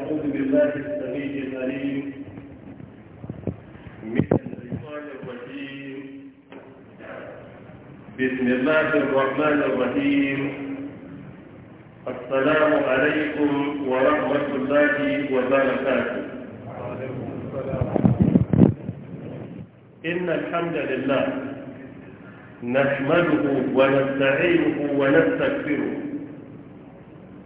أعوذ بالله السميع العليم من الشيطان الرجيم بسم الله الرحمن الرحيم السلام عليكم ورحمة الله وبركاته وعليكم السلام إن الحمد لله نحمده ونستعينه ونستغفره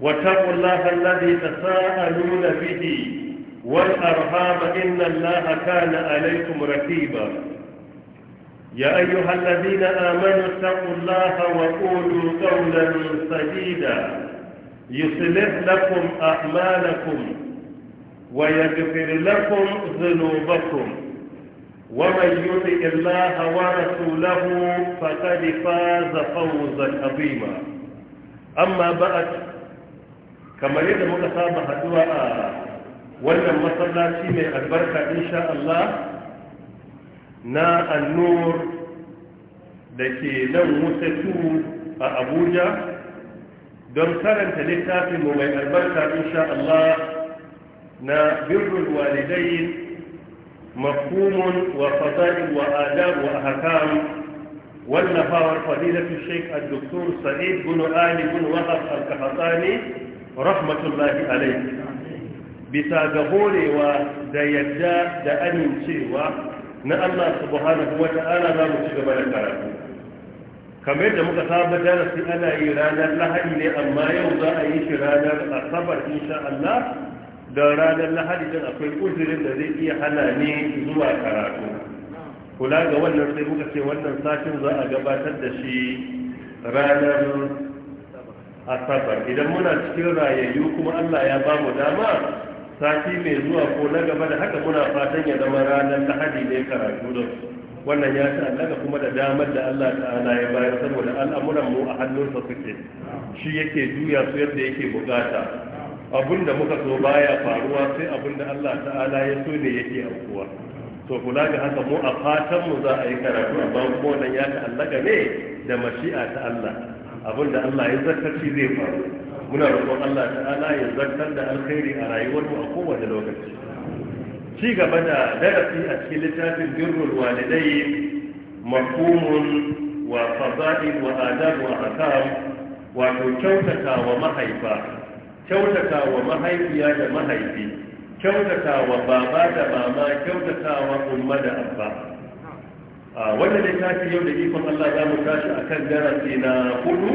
واتقوا الله الذي تساءلون به والأرهاب إن الله كان عليكم رقيبا يا أيها الذين آمنوا اتقوا الله وقولوا قولا سديدا يصلح لكم أعمالكم ويغفر لكم ذنوبكم ومن يطع الله ورسوله فقد فاز فوزا عظيما أما بعد kamar yadda muka saba haduwa a wannan masallaci mai albarka insha Allah na annur da ke nan musatu a abuja don karanta littafin mu mai albarka insha Allah na Birnin walidai مفهوم wannan وآداب وأحكام والنفاور فضيلة Doktor الدكتور سعيد Ali آل بن al الكحطاني rahmatullahi alaihi bisa ga horewa da yadda da amincewa na Allah subhanahu wata'ala za mu ci gaba da karatu kamar yadda muka saba darasi ana yi ranar lahadi ne amma yau za a yi shi ranar asabar insha Allah da ranar lahadi din akwai uzurin da zai iya hana ni zuwa karatu kula ga wannan sai muka ce wannan satin za a gabatar da shi ranar asabar idan muna cikin rayayyu kuma Allah ya ba mu dama sati mai zuwa ko na gaba da haka muna fatan ya zama ranar lahadi ne karatu da wannan ya daga kuma da damar da Allah ta'ala ya bayar saboda al'amuran mu a hannunsa suke shi yake juya su yadda yake bukata Abun da muka so baya faruwa sai abun da Allah ta'ala ya so ne yake aukuwa to kula ga haka mu a fatan mu za a yi karatu amma kuma wannan ya ta'allaka ne da mashi'a ta Allah abin da Allah ya zartar shi zai faru muna roƙon Allah ta'ala ya zartar da alkhairi a rayuwarmu a kowane lokaci ci gaba da darasi a cikin littafin birrul walidai mafhumun wa fada'il wa adab wa wato kyautata wa mahaifa kyautata wa mahaifiya da mahaifi kyautata wa baba da mama kyautata wa umma da abba a wannan da tashi yau da ikon Allah ya mu tashi akan darasi na hudu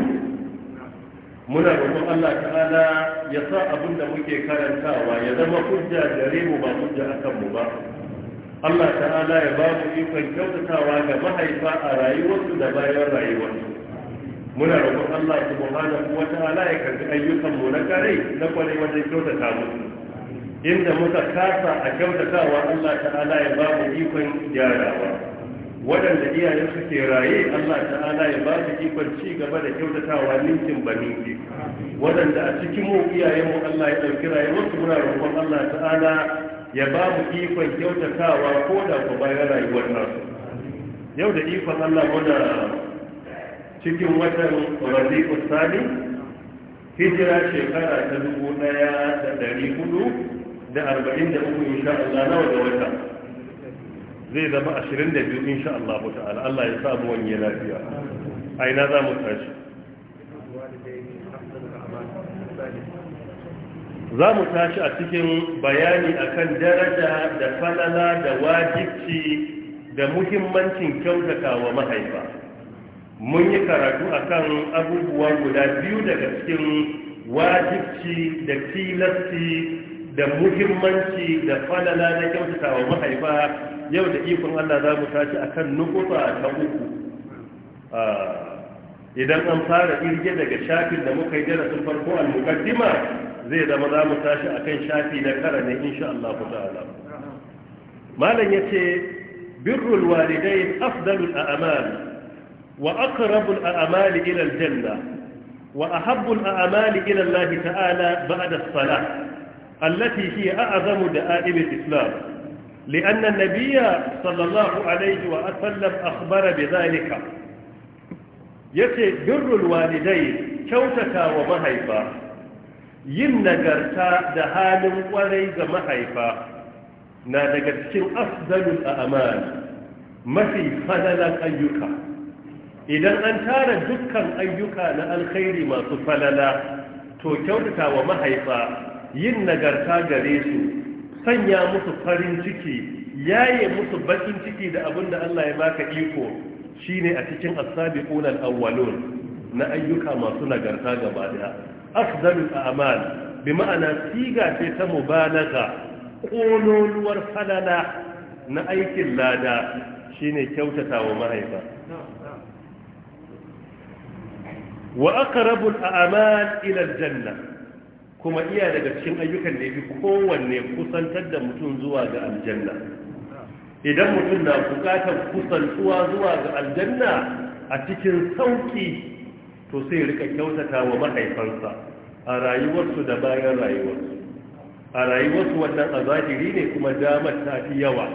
muna roƙon Allah ta'ala ya sa abin da muke karantawa ya zama hujja gare mu ba hujja akan mu ba Allah ta'ala ya ba mu ikon kyautatawa ga mahaifa a rayuwarsu da bayan rayuwarsu muna roƙon Allah subhanahu wa ta'ala ya karbi ayyukan mu na kare na kwarai wajen kyautata musu inda muka kasa a kyautatawa Allah ta'ala ya ba mu ikon gyarawa waɗanda iyayen su ke raye Allah ta'ala ya ba su ikon ci gaba da kyautatawa ninkin ba ninki waɗanda a cikin mu iyayen mu Allah ya ɗauki raye wasu muna roƙon Allah ta'ala ya ba mu ikon kyautatawa ko da ku bayan rayuwar nasu yau da ikon Allah muna cikin watan Rabi'u Sani hijira shekara ta dubu ɗaya da ɗari hudu da arba'in da uku insha Allah nawa da wata zai zama 22 insha Allah ta'ala Allah ya sa mu wani lafiya a ina za mu tashi za mu tashi a cikin bayani akan daraja da falala da wajibci da muhimmancin kyautata wa mahaifa mun yi karatu akan abubuwa guda biyu daga cikin wajibci da tilasti da muhimmanci da falala na kyautata wa mahaifa yau da ikon Allah za mu tashi a kan nukuta ta uku idan an fara irge daga shafin da muka yi darasin farko al zai zama za mu tashi a kan shafi na kara ne insha Allah ta'ala malam yace birrul walidai afdalul a'mal wa aqrabul a'mal ila al-janna wa ahabbul a'mal ila Allah ta'ala ba'da as-salah التي هي أعظم دائم الإسلام لأن النبي صلى الله عليه وسلم أخبر بذلك yace birrin walidai kyautata wa mahaifa yin nagarta da halin kwarai ga mahaifa na daga cikin afdalul a'mal mafi falalan ayyuka idan an tara dukkan ayyuka na alkhairi masu falala to kyautatawa mahaifa yin nagarta gare su sanya musu farin ciki yaye musu bakin ciki da abin da Allah ya baka iko shine a cikin as-sabiquna al-awwalun na ayyuka masu nagarta gaba daya al a'mal bi ma'ana siga ce ta mubalaga kololuwar falala na aikin lada shine kyautata wa mahaifa wa al a'mal ila al-janna kuma iya daga cikin ayyukan da ya fi kowanne kusantar da mutum zuwa ga aljanna idan mutum na bukatar kusantuwa zuwa ga aljanna a cikin sauki to sai rika kyautata wa mahaifansa a rayuwarsu da bayan rayuwarsu a rayuwarsu wannan a zahiri ne kuma damar ta fi yawa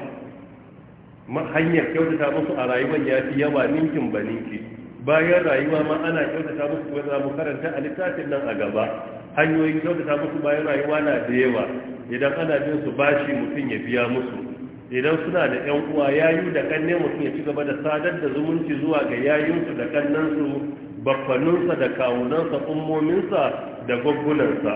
hanyar kyautata musu a rayuwar ya fi yawa ninkin ba ninki bayan rayuwa ma ana kyautata musu kuma za mu karanta a littafin nan a gaba hanyoyin kyautata musu bayan rayuwa na da yawa idan ana bin su bashi mutum ya biya musu idan suna da yan uwa yayu da kanne mutum ya ci gaba da sadar da zumunci zuwa ga yayinsu da kannansu bakwaninsa da kawunansa ummominsa da gwaggunansa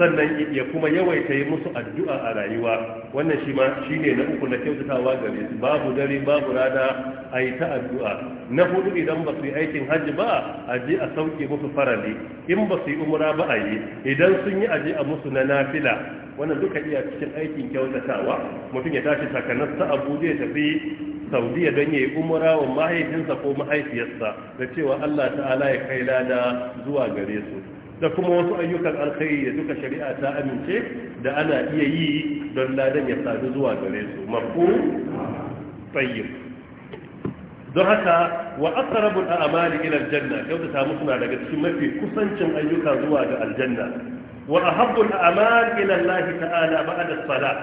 sannan ya kuma yawaita yi musu addu'a a rayuwa wannan shi ma shi ne na uku na kyautatawa gare su babu dare babu rana a yi ta addu'a na hudu idan ba su yi aikin hajji ba a je a sauke musu farali in ba su yi umura ba a yi idan sun yi aje a musu na nafila wannan duka iya cikin aikin kyautatawa mutum ya tashi takanas abuja ya tafi saudiya don ya yi umura wa mahaifinsa ko mahaifiyarsa da cewa allah ta'ala ya kai lada zuwa gare su da kuma wasu ayyukan alkhairi da duka shari'a ta amince da ana iya yi don ladan ya sadu zuwa gare su mafu tsayyib don haka wa asarabul a'mali ila aljanna kyautata musu na daga cikin mafi kusancin ayyuka zuwa ga aljanna wa ahabbul amali ila Allah ta'ala ba'da salat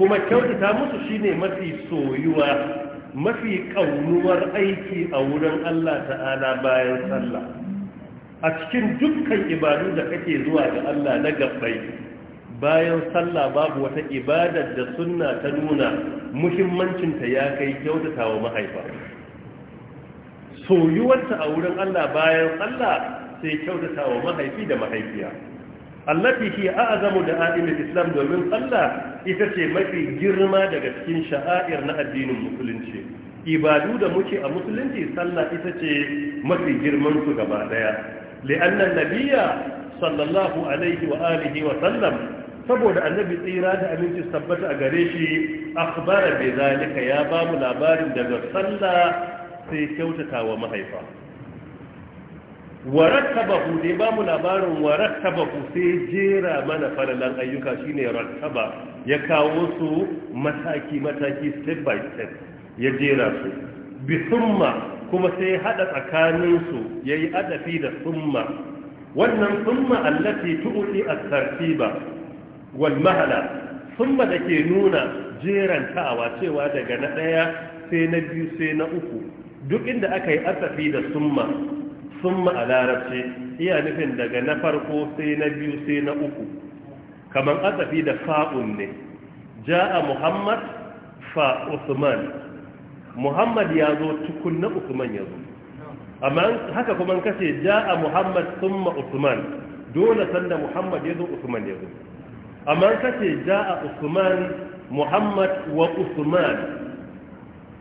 kuma kyautata musu shine mafi soyuwa mafi kaunuwar aiki a wurin Allah ta'ala bayan sallah a cikin dukkan ibadu da kake zuwa ga Allah na gabbai bayan sallah babu wata ibadar da sunna ta nuna muhimmancinta ya kai kyautatawa mahaifa soyuwarta a wurin Allah bayan Allah sai kyautatawa mahaifi da mahaifiya allati hi a'zamu da adil islam domin Allah ita ce mafi girma daga cikin sha'air na addinin musulunci ibadu da muke a musulunci sallah ita ce mafi girman su gaba daya لأن النبي صلى الله عليه وآله وسلم saboda annabi tsira da aminci tabbata a gare shi akhbara bi zalika ya ba mu labarin daga sallah sai kyautata wa mahaifa warattabahu dai ba mu labarin warattabahu sai jera mana falalan ayyuka shine rattaba ya kawo su mataki mataki step by step ya jera su bi summa kuma sai hada tsakaninsu ya yi adafi da summa wannan summa allafi tu'uti a tartiba wal mahala summa da ke nuna jerantawa cewa daga na ɗaya sai na biyu sai na uku duk inda aka yi adafi da summa summa a larabci iya nufin daga na farko sai na biyu sai na uku kamar adafi da fa'un ne ja'a muhammad fa usman muhammad ya zo tukunna usman ya zo amma haka kuma kace ja'a muhammad thumma usman dole sanda muhammad ya zo usman ya zo amma kace ja'a usman muhammad wa usman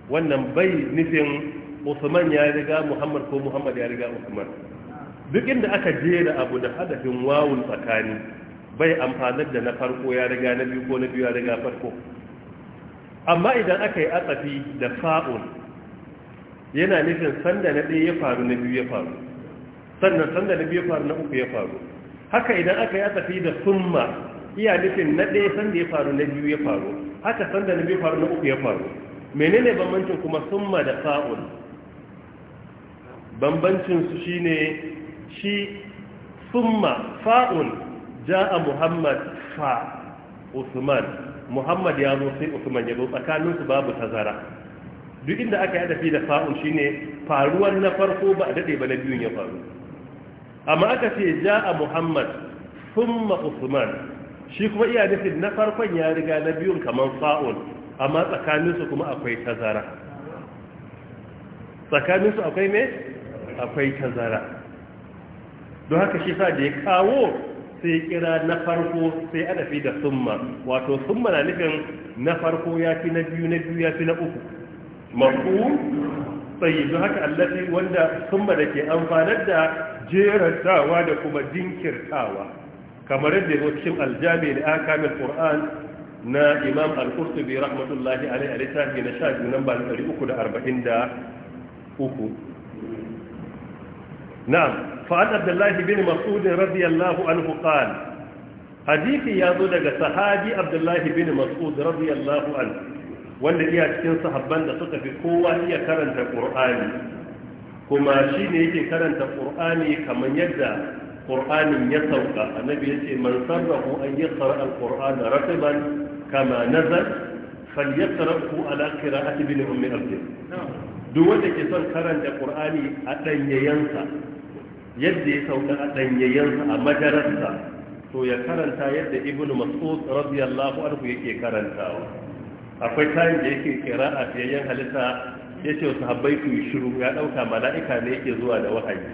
wannan bai nufin usman ya riga muhammad ko muhammad ya riga usman duk inda aka jera abu da hadafin wawun tsakani bai amfanar da na farko ya riga na biyu ko na biyu ya riga farko amma idan aka yi atsafi da fa'ul yana nufin sanda na ɗaya ya faru na biyu ya faru sannan sanda na biyu ya faru na uku ya faru haka idan aka yi atsafi da summa iya nufin na ɗaya sanda ya faru na biyu ya faru haka sanda na biyu faru na uku ya faru menene bambancin kuma summa da fa'ul bambancin su ne shi summa fa'ul a muhammad fa usman muhammad ya zo sai usman ya zo tsakaninsu babu tazara duk inda aka yi dafi da fa'un shine faruwar na farko ba a daɗe ba na biyun ya faru amma aka ce ja a muhammad thumma usman shi kuma iya nufin na farkon ya riga na biyun kamar fa'un amma tsakaninsu kuma akwai tazara tsakaninsu akwai me akwai tazara don haka shi sa da ya kawo sai kira na farko sai adafi da summa wato summa na nufin na farko ya fi na biyu na biyu ya fi na uku mafu tsayidu haka allafi wanda summa da ke amfanar da jerantawa da kuma jinkirtawa kamar yadda zo cikin aljami da aka mil na imam al-qurtubi rahmatullahi alai a littafi na sha biyu nan ba ɗari uku da arba'in da uku na'am fa'ad abdullahi bin mas'ud radiyallahu anhu qala hadisi ya zo daga sahadi abdullahi bin mas'ud radiyallahu anhu wanda iya cikin sahabban da suka fi kowa iya karanta qur'ani kuma shi ne yake karanta qur'ani kamar yadda qur'anin ya sauka annabi ce man sarrahu an tsara al-qur'ana ratiban kama nazal falyaqrahu ala a bin ummi abd duk wanda ke son karanta ƙur'ani a danyayansa yadda ya sauka a ɗanyayensa a madararsa to ya karanta yadda ibn mas'ud radiyallahu anhu yake karantawa akwai tayin da yake kira a fiyayyen halitta ya ce wasu habbai ku shiru ya ɗauka mala'ika ne yake zuwa da wahayi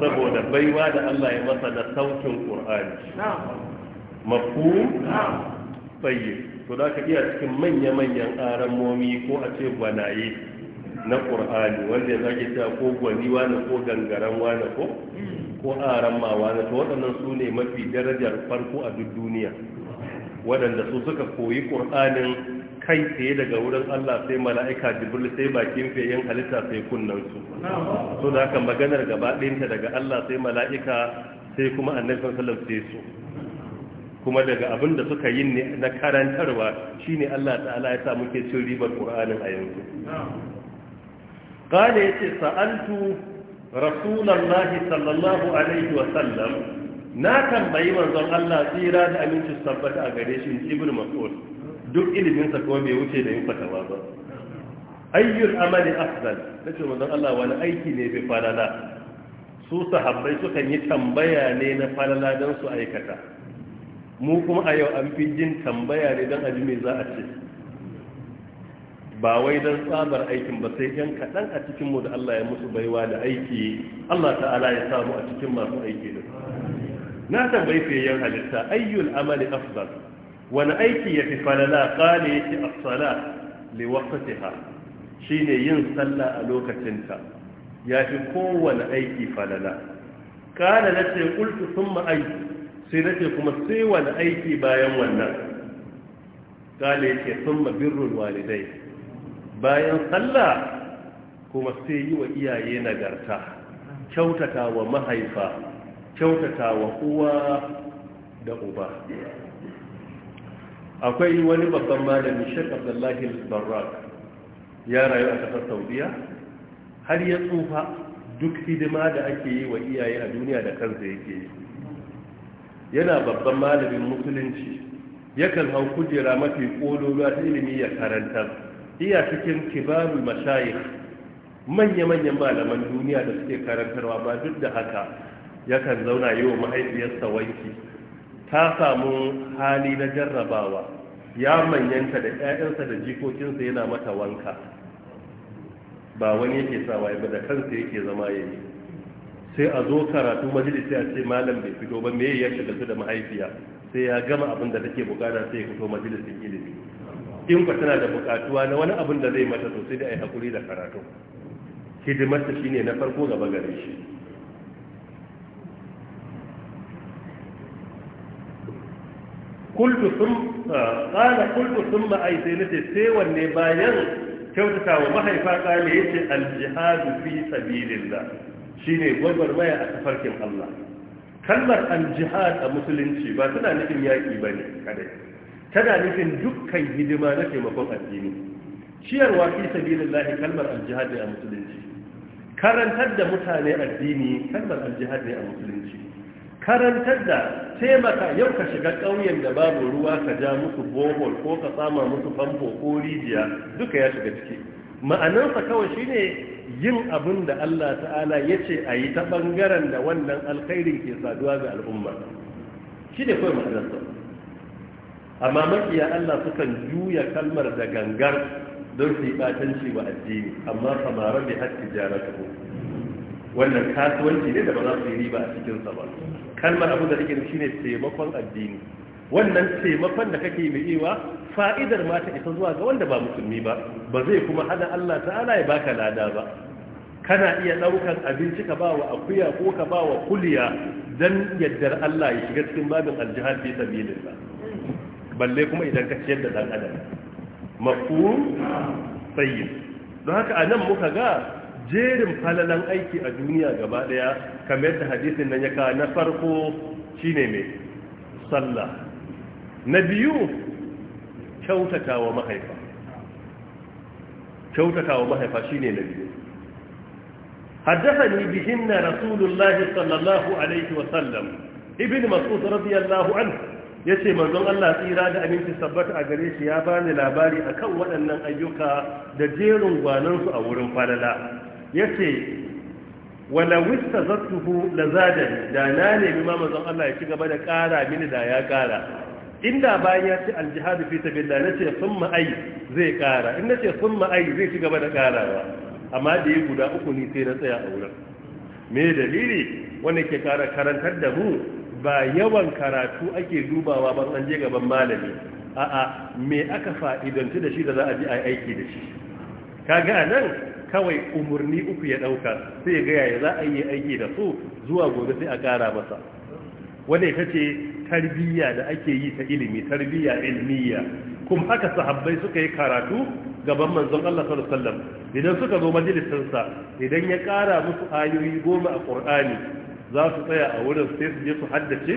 saboda baiwa da Allah ya masa na saukin ƙur'ani mafu tsaye to za ka iya cikin manya-manyan ƙaramomi ko a ce gwanaye na ƙur'ani wanda ya zaki ta ko gwani wani ko gangaren wani ko ko aran ma wani to waɗannan su ne mafi darajar farko a duk duniya waɗanda su suka koyi ƙur'anin kai tsaye daga wurin Allah sai mala'ika jibril sai bakin feyen halitta sai su so da haka maganar gaba ɗinta daga Allah sai mala'ika sai kuma annabi sallallahu alaihi su kuma daga abin da suka yi na karantarwa shine Allah ta'ala ya sa muke cin ribar Qur'anin a yanzu قال يتي سألت رسول الله صلى الله عليه وسلم ناكم بيمن ظن الله سيرا أمين تستبت أغريش ابن مسؤول duk iliminsa kuma bai wuce da yin fatawa ba ayyul amali afdal nace manzon Allah wani aiki ne su sahabbai suka yi tambaya ne na falala don su aikata mu kuma a yau an fi jin tambaya ne don aji mai za a ce ba wai don tsabar aikin ba sai yan kaɗan a cikinmu da Allah ya musu baiwa da aiki Allah ta'ala ya samu a cikin masu aiki da na tambayi fiyayyen halitta ayyul amali afdal wani aiki ya fi falala kale ya ce afsala li waqtiha shine yin sallah a lokacinta ya fi kowane aiki falala kana ce qultu thumma ay sai nace kuma sai wani aiki bayan wannan kale ya ce thumma birrul walidai bayan sallah kuma sai yi wa iyaye nagarta kyautata wa mahaifa kyautata wa uwa da uba akwai wani babban malami shek abdullahi barrak ya rayu a kasar saudiya har ya tsufa duk hidima da ake yi wa iyaye a duniya da kansa yake yi yana babban malamin musulunci yakan hau kujera mafi ƙololuwa ta ilimi ya karantar iya cikin kibarul mashayikh manya-manyan malaman duniya da suke karantarwa ba duk da haka yakan zauna yi wa mahaifiyarsa wanki ta samu hali na jarrabawa ya manyanta da 'ya'yansa da jikokinsa yana mata wanka ba wani yake sawa ba da kansa yake zama ya yi sai a zo karatu majalisi a ce malam bai fito ba me ya shiga su da mahaifiya sai ya gama abin da take bukata sai ya fito majalisin ilimi in ba tana da bukatuwa na wani abin da zai mata sosai da ai hakuri da karatu hidimarta shine na farko gaba gare shi kultu sun ma'ai sai nace sai wanne bayan kyautata wa mahaifa kale yace aljihadu fi sabilillah shine gwagwarmaya a tafarkin Allah kalmar aljihad a musulunci ba tana nufin yaki bane kadai tana nufin dukkan hidima na taimakon addini ciyarwa fi sabilillahi kalmar aljihad ne a musulunci karantar da mutane addini kalmar aljihad ne a musulunci karantar da taimaka yau ka shiga ƙauyen da babu ruwa ka ja musu bohol ko ka tsama musu famfo ko rijiya duka ya shiga ciki ma'anarsa kawai shine yin abin da Allah ta'ala ya ce a yi ta ɓangaren da wannan alkhairin ke saduwa ga al'umma shi ne kawai ma'anarsa amma makiya Allah sukan juya kalmar da gangar don su yi batanci wa addini amma samarar da haƙƙi jara ta wannan kasuwanci ne da ba za su yi riba a cikin ba kalmar abu da take shi ne taimakon addini wannan taimakon da kake mai iwa fa'idar mata ta isa zuwa ga wanda ba musulmi ba ba zai kuma hana Allah ta'ala ya baka lada ba kana iya ɗaukan abinci ka ba wa akuya ko ka ba wa kuliya don yaddar Allah ya shiga cikin babin aljihar fi ba? balle kuma idan ka ciyar da dan adam mafhum tayyib don haka anan muka ga jerin falalan aiki a duniya gaba daya kamar yadda hadisin nan ya kawo na farko shine mai sallah na biyu kyautata wa mahaifa kyautata wa mahaifa shine na biyu حدثني بهن رسول الله صلى الله عليه وسلم ابن مسعود رضي الله عنه ya ce manzon Allah tsira da aminci sabbata a gare shi ya bani labari a kan waɗannan ayyuka da jerin gwanansu a wurin falala ya ce wala wista zartuhu la Zadar da na nemi ma manzon Allah ya ci gaba da ƙara mini da ya ƙara inda bayan ya ce aljihadu fi sabilillah ce summa ai zai ƙara in ce summa ai zai ci gaba da ƙarawa amma da ya guda uku ne sai na tsaya a wurin me dalili wanda ke ƙara karantar da mu ba yawan karatu ake dubawa ban an je gaban malami a'a me aka fa'idanci da shi da za a ji a aiki da shi kaga ga nan kawai umarni uku ya ɗauka sai ga yaya za a yi aiki da su zuwa gobe sai a kara masa wanda ita ce tarbiyya da ake yi ta ilimi tarbiyya ilmiya kuma haka sahabbai suka yi karatu gaban manzon Allah sallallahu alaihi wasallam idan suka zo majalisinsa idan ya ƙara musu ayoyi goma a Qur'ani za su tsaya a wurin sai su je su haddace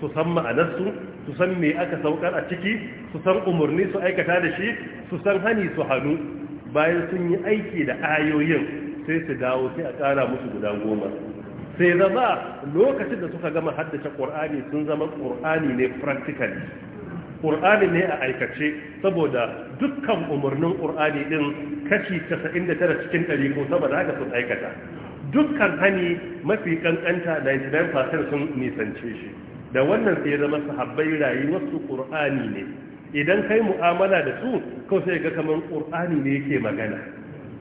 su san ma'anarsu su san me aka saukar a ciki su san umarni su aikata da shi su san hani su hannu bayan sun yi aiki da ayoyin sai su dawo sai a kara musu guda goma sai zama lokacin da suka gama haddace ƙur'ani sun zama ƙur'ani ne practically ƙur'ani ne a aikace saboda dukkan umarnin ƙur'ani ɗin kashi 99 cikin ɗari ko saboda haka sun aikata dukkan hani mafi kankanta 99% sun nisance shi da wannan sai zama sahabbai wasu ƙur'ani ne idan kai mu'amala da su kawai sai ga kaman ƙur'ani ne yake magana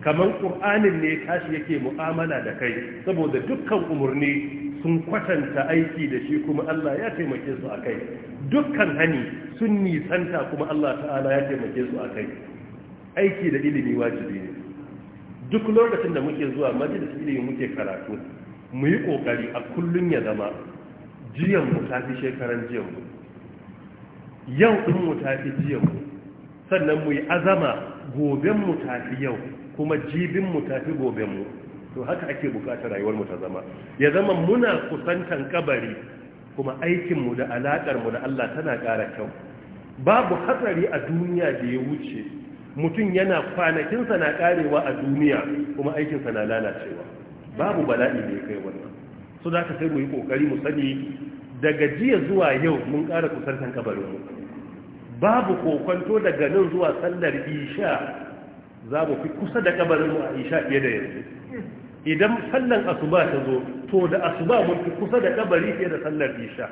kaman ƙur'anin ne tashi yake mu'amala da kai saboda dukkan umarni sun kwatanta aiki da shi kuma Allah ya taimake su a kai. dukkan hani sun nisanta kuma Allah ta'ala ya taimake su a kai. aiki da ilimi wajibi ne duk lokacin da muke zuwa majalis ilimi muke karatu mu yi kokari a kullum ya zama jiyan mu ta fi shekaran jiyan mu yau din mu ta fi jiyan mu sannan mu yi azama goben mu ta fi yau kuma jibin mu ta fi goben mu to haka ake bukatar rayuwar mu ta zama ya zama muna kusantan kabari kuma aikin mu da alakar mu da Allah tana ƙara kyau babu hatsari a duniya da ya wuce mutum yana kwanakinsa na karewa a duniya kuma aikinsa na lalacewa babu bala'i da ya kai wannan su za ka sai mu yi kokari mu sani daga jiya zuwa yau mun ƙara kusantan mu babu kokonto daga nan zuwa sallar isha za mu fi kusa da mu a isha fiye da yanzu idan sallan asuba ta zo to da asuba mun fi kusa da kabari fiye da sallar isha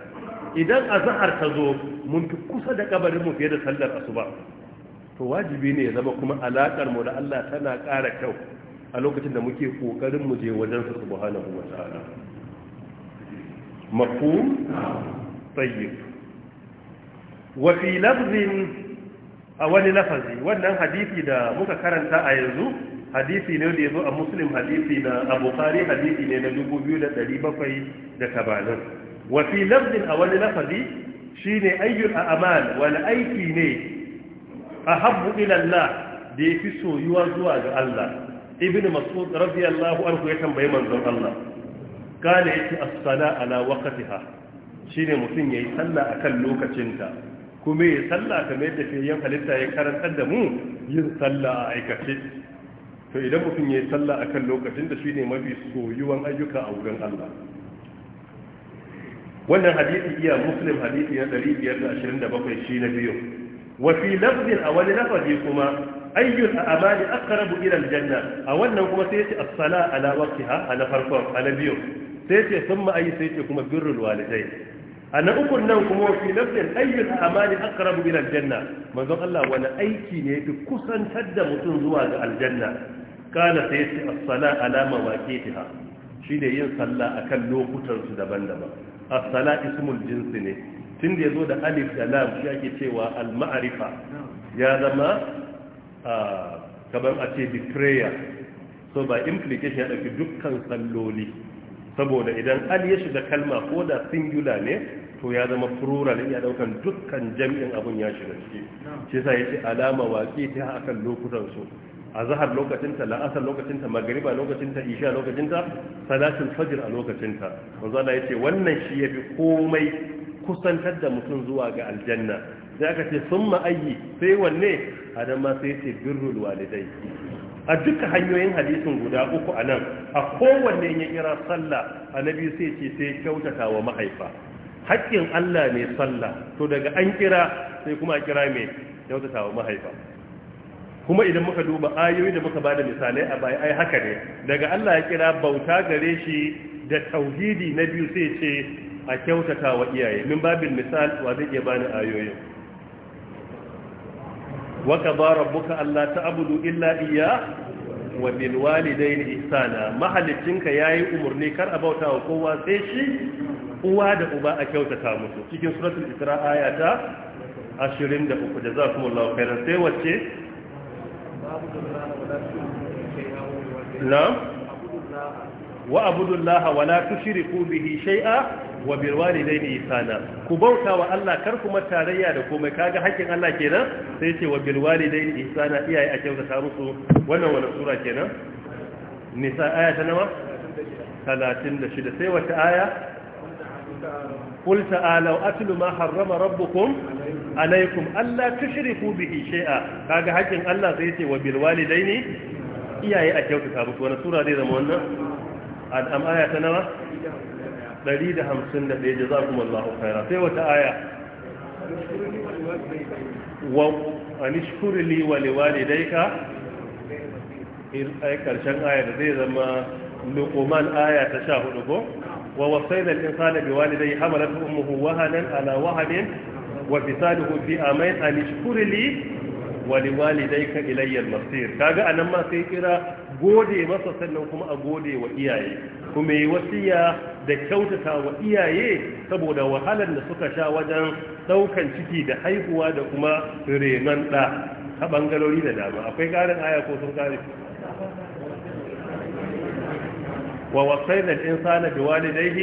idan azahar ta zo mun fi kusa da ƙabarinmu fiye da sallar asuba to wajibi ne ya zama kuma alaƙar mu da Allah tana ƙara kyau a lokacin da muke ƙoƙarin mu je wajen su subhanahu wa ta'ala mafhum tayyib wa fi lafzin a wani lafazi wannan hadisi da muka karanta a yanzu hadisi ne da yazo a muslim hadisi na abu bukhari hadisi ne na 2700 da kabanin wa fi lafzin a wani lafazi shine ayyul a'mal wal aiki ne ahabbu ila Allah da fi soyuwa zuwa ga Allah ibn mas'ud radiyallahu anhu ya tambayi manzon Allah kana yake as-sala ala waqtiha shine mutum yayi sallah akan lokacinta kuma yayi sallah kamar yadda fiyan halitta ya karantar da mu yin sallah a aikace to idan mutum yayi sallah akan lokacin da shine mafi soyuwan ayyuka a wurin Allah wannan hadisi iya muslim hadisi na 527 shi na biyu Wafi fi lafzin a wani lafazi kuma ayyul a'mali aqrabu ila janna. a wannan kuma sai yace as-sala ala waqtiha ala farkon ala biyu sai yace thumma ayi sai yace kuma birrul walidai ana ukun nan kuma wa fi lafzin ayyul a'mali aqrabu ila aljanna manzon Allah wani aiki ne yafi kusantar da mutum zuwa ga aljanna kana sai yace as-sala ala Shi ne yin sallah akan lokutan su daban-daban as-sala ismul jinsi ne tun da ya zo da alif da lam shi ake cewa al-ma'arifa ya zama kamar a ce the prayer so by implication ya ɗauki dukkan salloli saboda idan al ya shiga kalma ko da singular ne to ya zama plural ya ɗaukan dukkan jam'in abun ya shiga ciki shi sa ya ce alama waƙi ta akan lokutan su a zahar lokacinta la'asar lokacinta magariba lokacinta isha lokacinta salatul fajr a lokacinta wanzu ana ce wannan shi ya fi komai kusantar da mutum zuwa ga aljanna Da aka ce sun ma'ayi sai wanne a ma sai ce birnin walidai a duka hanyoyin hadisin guda uku a nan a kowanne ya kira sallah annabi sai ce sai kyautata wa mahaifa haƙƙin Allah ne sallah to daga an kira sai kuma a kira mai kyautata wa mahaifa kuma idan muka duba ayoyi da muka bada misalai a baya ai haka ne daga Allah ya kira bauta gare shi da tauhidi na biyu sai ce a kyautata wa iyaye min babin misal wa zai iya bani ayoyin waka ba rabbuka ta abudu illa iyyah wa bil walidayni ihsana mahallicinka yayi umurni kar a bauta wa kowa sai shi uwa da uba a kyautata musu cikin suratul isra aya ta 23 jazakumullahu khairan sai wacce na wa abudullaha wa tushiri ku bihi shai'a wa bil walidayni ihsana ku bauta wa Allah kar kuma tarayya da komai kaga haƙƙin Allah kenan sai ce wa bil walidayni ihsana iyaye a kyautata musu wannan wani sura kenan nisa aya ta da shida sai wata aya ku bihi shai'a ما حرم ربكم عليكم ألا تشركوا به شيئا كاغا حقن الله زيتي وبالوالدين إياي أكيوك wani وانا سورة دي wannan. al'am aya ta nawa 151 jazakumullahu khaira sai wata aya wa anishkuri li wa liwalidayka ay karshen aya da zai zama luqman aya ta 14 ko wa wasayna al-insana biwalidayhi hamalat ummuhu wahanan ala wahanin wa fisaluhu fi amain anishkuri li wa liwalidayka ilayya al-masir kaga anan ma sai kira gode masa sannan kuma a gode wa iyaye kuma yi wasiya da kyautata wa iyaye saboda wahalar da suka sha wajen daukan ciki da haihuwa da kuma renon ɗa ta ɓangarori da dama akwai ƙarin aya ko sun kare wa wasai da insana bi na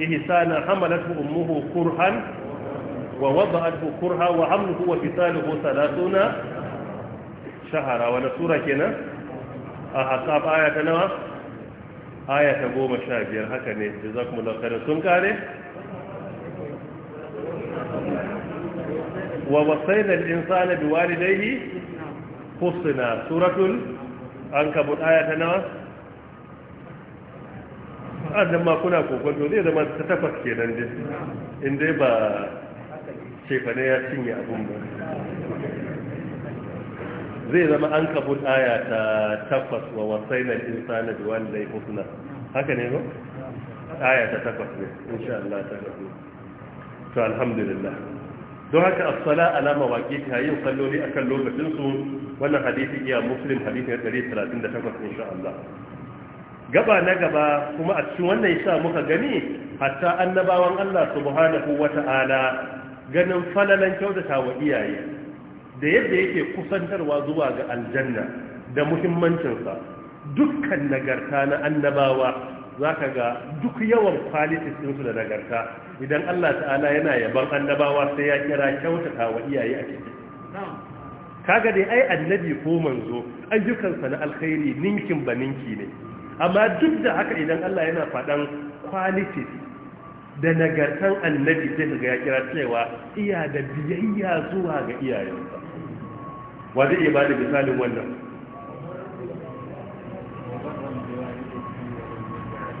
ihsana hamalatu ummuhu kurhan wa wada'athu kurha wa hamluhu wa fisaluhu salatuna shahara na sura kenan a hasab aya ta nawa aya ta goma sha biyar haka ne da za kuma lafiyar sun kare wa wasai da insana bi walidaihi husna suratul an kabu aya ta nawa annan ah, ma kuna kokonto zai zama ta takwas kenan dai in dai ba shefane ya cinye abun ba zai zama an kabul aya ta takwas wa wasainar insana da wani ya husna haka ne ba? aya ta takwas ne insha Allah ta gabu to alhamdulillah don haka asala alama waƙi ta yin a kan lokacinsu wannan hadithi iya muslim hadithi na 138 insha Allah gaba na gaba kuma a cikin wannan yasa muka gani hatta annabawan Allah subhanahu wata'ala ganin falalan kyautata wa iyaye da yadda yake kusantarwa zuwa ga aljanna da muhimmancinsa dukkan nagarta na annabawa zaka ga duk yawan kwalitis ɗinsu da nagarta idan Allah ta'ala yana yaban annabawa sai ya kira kyautata wa iyaye a ciki kaga dai ai annabi ko manzo ayyukansa na alkhairi ninkin ba ninki ne amma duk da haka idan Allah yana faɗan qualities da nagartan annabi sai ga ya kira cewa iya da biyayya zuwa ga iyayensa wa zai iya ba da misalin wannan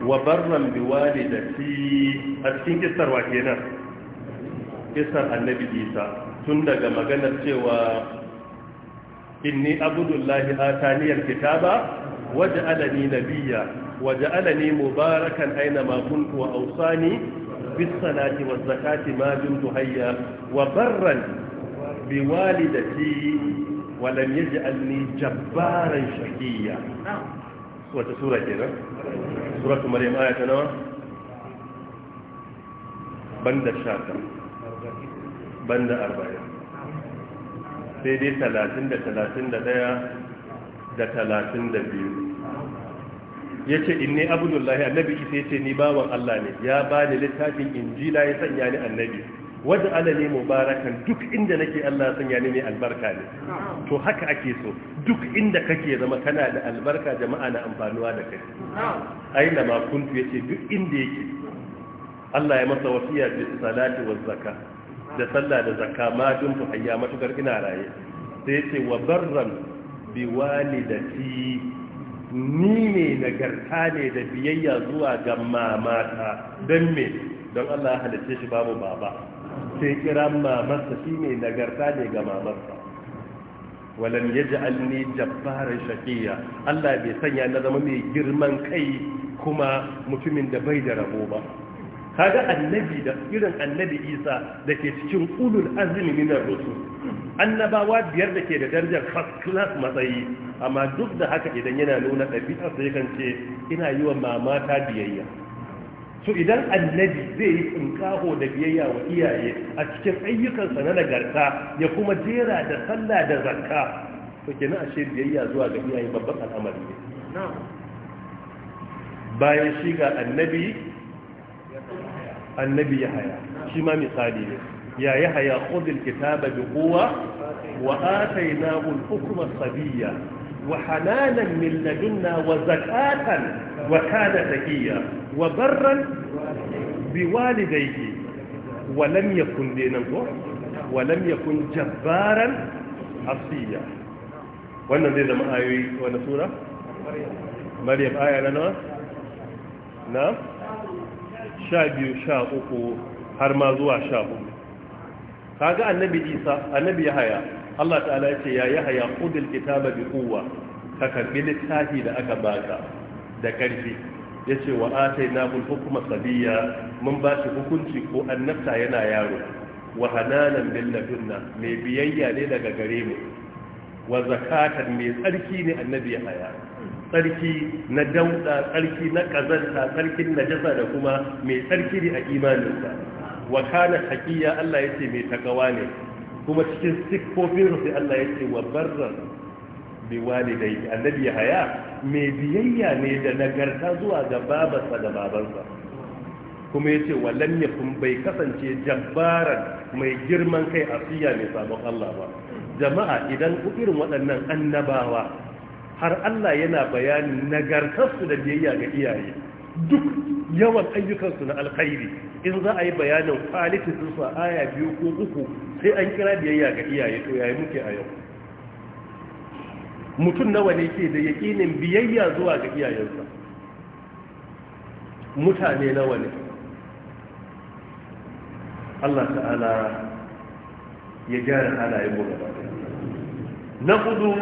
wa barran da walidati a cikin wa kenan kistar annabi isa tun daga maganar cewa inni abudullahi ataniyar kitaba waj'alani nabiyya alani mubarakan aina ma kuntu wa awsani bis salati waz zakati ma dumtu hayya wa barran bi walam yaj'alni jabbaran shaqiyya wata sura kenan suratu maryam aya ta nawa banda shaka banda arba'in sai dai talatin da talatin da daya da talatin da biyu ya ce in abdullahi annabi isa ce ni bawan allah ne ya bani littafin injila ya sanya ni annabi wadda alali mubarakan duk inda nake Allah sanya ni ne albarka ne to haka ake so duk inda kake zama kana da albarka jama'a na amfanuwa da kai aina ma kuntu yace duk inda yake Allah ya masa wasiya da salati wa zakka da sallah da zakka ma dun tu hayya matukar ina raye sai yace wa barran bi walidati ni ne nagarta ne da biyayya zuwa ga mamata don me don Allah ya halitta shi babu baba sai kira mamarsa shi mai nagarta ne ga mamarsa Walan ya ji alni jabbarin shaƙiya allah bai sanya na zama mai girman kai kuma mutumin da bai da rabo ba kaga annabi da irin annabi isa da ke cikin ulul azumi minar rusu? annabawa biyar da ke da darajar first class matsayi amma duk da haka idan yana nuna ɗabi'a sai kan ce ina yi wa mamata biyayya su idan annabi zai yi tsinkaho da biyayya wa iyaye a cikin ayyukansa na nagarta ya kuma jera da sallah da zakka to kenan ashe biyayya zuwa ga iyaye babban al'amari ne bayan shi ga annabi annabi ya haya shi ma misali ne ya ya haya khudil kitaba bi quwwa wa atainahu al-hukma sabiyya وحلالا من لدنا وزكاة وكان تقيا وبرا بوالديه ولم يكن لنظر ولم يكن جبارا عصيا wannan zai zama ayoyi wani sura? maryam aya na nawa? na? sha biyu sha uku har ma zuwa sha uku kaga annabi isa annabi ya Allah ta'ala ya ce ya yi haya kudin kitaba bi kowa ka karbi littafi da aka baka da karfi ya ce wa atai na mun hukuma sabiya mun ba shi hukunci ko annabta yana yaro wa hananan bin ladunna mai biyayya ne daga gare mu wa zakatan mai tsarki ne annabi ya haya tsarki na dauda tsarki na kazanta tsarkin najasa da kuma mai tsarki ne a imaninsa wa kana haqiya Allah yace mai takawa ne kuma cikin sikofin sai Allah ya ce wa barran bi walidai annabi haya mai biyayya ne da nagarta zuwa ga babarsa da babansa kuma ya ce wallan lanyafin bai kasance jabbaran mai girman kai a asiya mai sabon Allah ba jama'a idan irin waɗannan annabawa har Allah yana bayanin nagartarsu da biyayya ga iyaye duk yawan ayyukansu na alkhairi in za a yi bayanin kwalitinsu a aya biyu ko uku sai an kira biyayya ga iyaye to yayi muke a yau mutum nawa ne ke da yakinin biyayya zuwa ga iyayensa mutane nawa ne Allah ta'ala ya gyara halayen mu gaba na hudu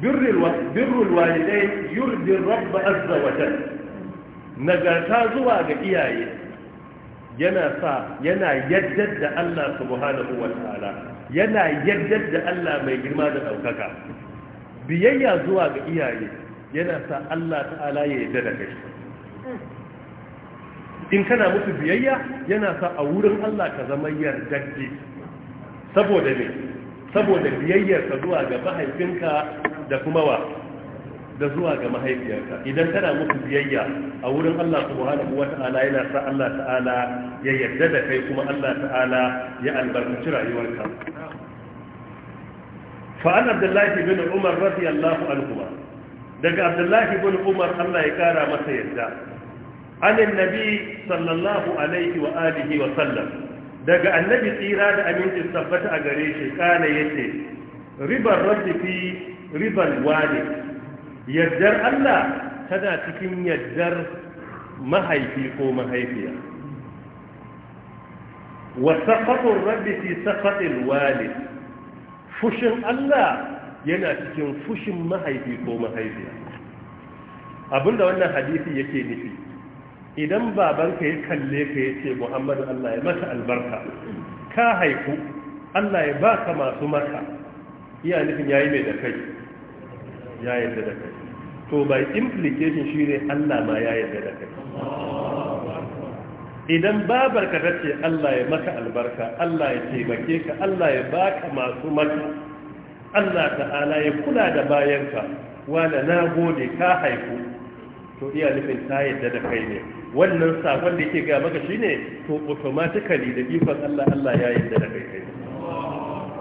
birrul walidai yurdin rabba azza wa nagarta zuwa ga iyaye yana sa yana yaddar da Allah subhanahu wa ta'ala yana yaddar da Allah mai girma da ɗaukaka biyayya zuwa ga iyaye yana sa Allah ta'ala ya yadda da kai in kana musu biyayya yana sa a wurin Allah ka zama yardaddi saboda ne saboda biyayyar ka zuwa ga mahaifinka da kuma wa da zuwa ga mahaifiyarka idan tana musu biyayya a wurin Allah subhanahu wa ta'ala yana sa Allah ta'ala ya yarda da kai kuma Allah ta'ala ya albarkaci rayuwarka fa an abdullahi bin umar radiyallahu anhu daga abdullahi bin umar Allah ya kara masa yarda anin nabi sallallahu alaihi wa alihi wa sallam daga annabi tsira da aminci tabbata a gare shi kana yace ribar rabbi fi ribar walid yaddar Allah tana cikin yaddar mahaifi ko mahaifiya wa saqatu rabbi fi saqati alwalid fushin Allah yana cikin fushin mahaifi ko mahaifiya abinda wannan hadisi yake nufi idan babanka ya kalle ka ya ce muhammadu allah ya mata albarka ka haiku allah ya baka masu maka iya nufin yayi mai da kai ya da kai to by implication shine Allah ma ya yadda da kai idan ka ta ce Allah ya maka albarka Allah ya taimake ka Allah ya baka masu maka Allah ta'ala ya kula da bayanka wanda na gode ka haifu to iya nufin ta yadda da kai ne wannan sakon da yake ga maka shine to automatically da ifan Allah Allah ya yadda da kai kai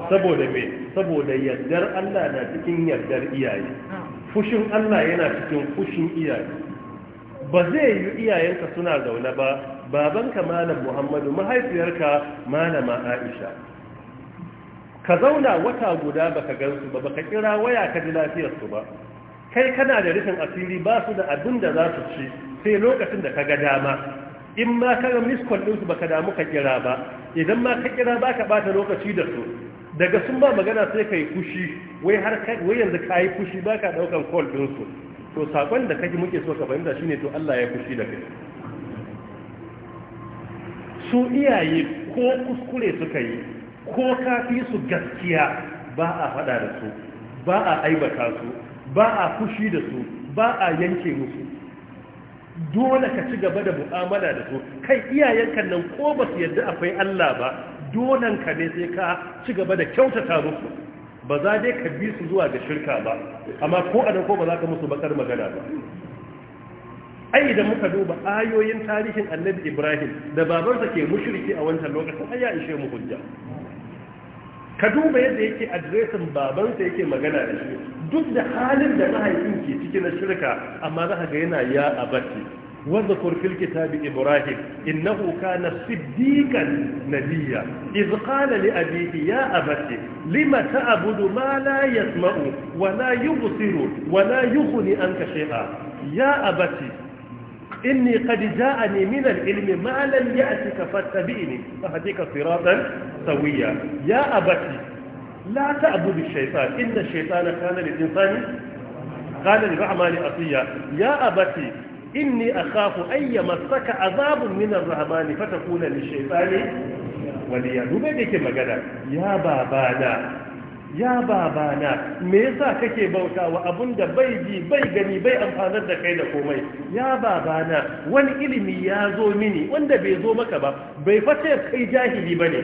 saboda me saboda yardar Allah na cikin yardar iyaye fushin Allah yana cikin fushin iyaye ba zai yi iyayenka suna zaune ba babanka malam Muhammadu mahaifiyarka malama Aisha ka zauna wata guda baka gansu ba baka kira waya ka ji lafiyarsu ba kai kana da rufin asiri ba su da abin da za su ci sai lokacin da ka ga dama in ma ka ga miskon ɗinsu baka damu ka kira ba idan ma ka kira ba ka ɓata lokaci da su daga sun ba magana sai ka yi fushi wai har wai yanzu ka yi fushi ba ka ɗaukan call su. to sakon da kake muke so ka fahimta shine to Allah ya fushi da kai su iyaye ko kuskure suka yi ko kafi su gaskiya ba a faɗa da su ba a aibata su ba a fushi da su ba a yanke musu dole ka ci gaba da mu'amala da su kai iyayenka nan ko ba su yadda akwai Allah ba donan ka ne sai ka ci gaba da kyautata musu ba za dai ka bi su zuwa ga shirka ba amma ko a ko ba za ka musu bakar magana ba ai idan muka duba ayoyin tarihin annabi ibrahim da babansa ke mushriki a wancan lokacin ai ya ishe mu hujja ka duba yadda yake adresin babansa yake magana da shi duk da halin da mahaifin ke ciki na shirka amma za ka ga yana ya abati واذكر في الكتاب إبراهيم إنه كان صديقا نبيا إذ قال لأبيه يا أبت لم تعبد ما لا يسمع ولا يبصر ولا يغني عنك شيئا يا أبت إني قد جاءني من العلم ما لم يأتك فاتبئني فهديك صراطا سويا يا أبت لا تعبد الشيطان إن الشيطان كان للإنسان قال لبعمل أطية يا أبت inni akhafu ay yamassaka azabun min ar-rahmani fatakuna lish Wani ya dube da ke magana ya babana ya babana me yasa kake bautawa da bai ji bai gani bai amfanar da kai da komai ya babana wani ilimi ya zo mini wanda bai zo maka ba bai fata kai jahili ba ne.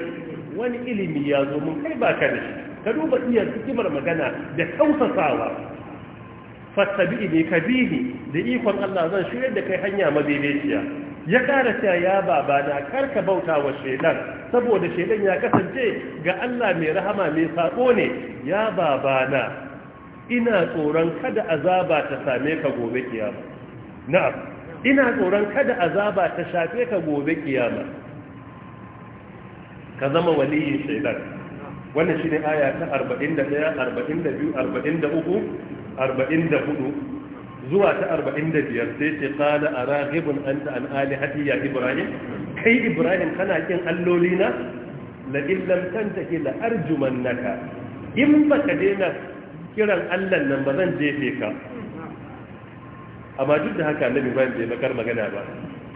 wani ilimi ya zo mun kai baka da shi ka duba iya hikimar magana da tausasawa fattabi ne ka bihi da ikon Allah zan shirya da kai hanya madaidaiciya ya ƙara cewa ya baba na karka bauta wa shedan saboda shedan ya kasance ga Allah mai rahama mai sako ne ya baba na ina tsoron kada azaba ta same ka gobe kiyama na'am ina tsoron kada azaba ta shafe ka gobe kiyama ka zama waliyin shedan wannan shine aya ta 41 42 43 44 zuwa ta 45 sai ce qala a anta an hati ya ibrahim kai ibrahim kana kin alloli na in lam tantahi la naka in ba ka daina kiran allan nan ba zan jefe ka amma duk da haka annabi Ibrahim bai bakar magana ba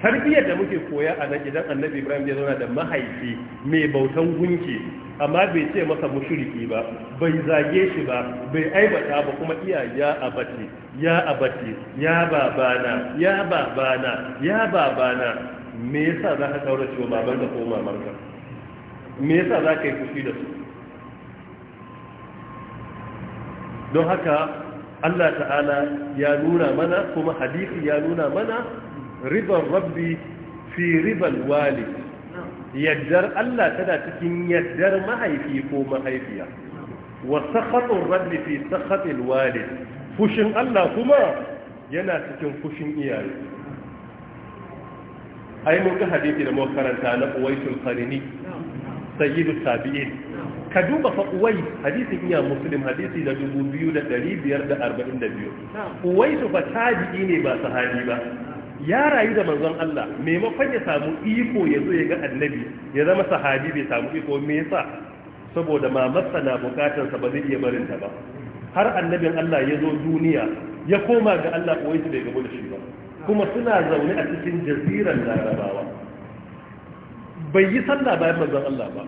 tarbiyyar da muke koya a nan idan annabi ibrahim ya zauna da mahaifi mai bautan gunki amma bai ce masa mushriki ba bai zage shi ba bai aibata ba kuma iya ya abati ya abati ya babana ya babana ya babana me yasa za ka kaura cewa baban da ko ka, me yasa za ka yi fushi da su don haka Allah ta'ala ya nuna mana kuma hadisi ya nuna mana ribar rabbi fi ribar wali yaddar Allah tana cikin yaddar mahaifi ko mahaifiya wa sakhatun rabbi fi sakhatil wali fushin Allah kuma yana cikin fushin iyaye ai mun ga hadisi da muka karanta na Uwaisul Qarini sayyidu tabi'in ka duba fa uwai hadisin iya muslim hadisi da 2542 uwaisu fa tabi'i ne ba sahabi ba ya rayu da manzon Allah maimakon ya samu iko ya zo ya ga annabi ya zama sahabi bai samu iko me yasa saboda mamarsa na bukatar ba zai iya barin ta ba har annabin Allah ya zo duniya ya koma ga Allah ko yace bai gabo da shi ba kuma suna zaune a cikin jaziran larabawa bai yi sallah bayan manzon Allah ba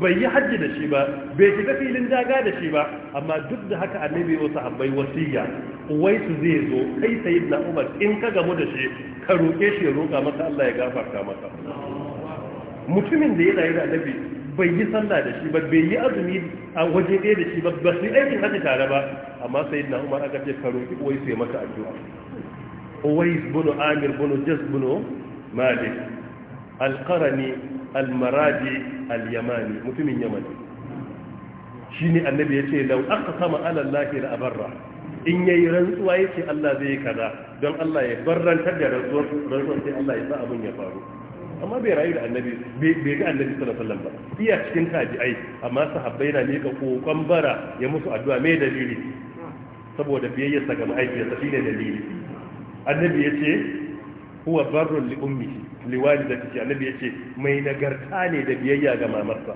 bai yi hajji da shi ba bai shiga filin daga da shi ba amma duk da haka annabi wasa abai wasiya wai su zai zo kai sayi na umar in ka gamu da shi ka roƙe shi ya roƙa masa Allah ya gafarta masa mutumin da ya rayu da annabi bai yi sallah da shi ba bai yi azumi a waje ɗaya da shi ba ba su aikin hajji tare ba amma sayyid na umar aka ce ka roƙi wai su ya maka addu'a Wai bunu Amir bunu Jas bunu Malik alƙarani almaraji alyamani mutumin yamani shi ne annabi ya ce don aka kama alallahi da abarra in ya yi rantsuwa ya ce allah zai yi kaza don allah ya barrantar da rantsuwar sai allah ya sa abin ya faru amma bai rayu da annabi bai ga annabi sallallahu ba iya cikin tabi'ai amma sahabbai na mika kokon bara ya musu addu'a mai dalili saboda biyayyarsa ga ma'aikiyarsa shine dalili annabi ya ce huwa barrun li ummihi Liwali da liwalidatihi annabi yace mai nagarta ne da biyayya ga mamarsa